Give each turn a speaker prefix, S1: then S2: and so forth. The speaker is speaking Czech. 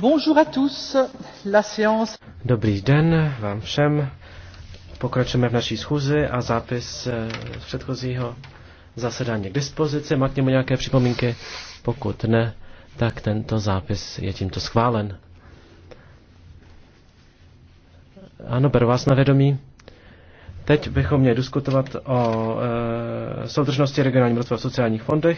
S1: Bonjour à tous. La séance...
S2: Dobrý den vám všem. Pokračujeme v naší schůzi a zápis z eh, předchozího zasedání k dispozici. Má k němu nějaké připomínky? Pokud ne, tak tento zápis je tímto schválen. Ano, beru vás na vědomí. Teď bychom měli diskutovat o e, soudržnosti regionálního rozvoje v sociálních
S3: fondech.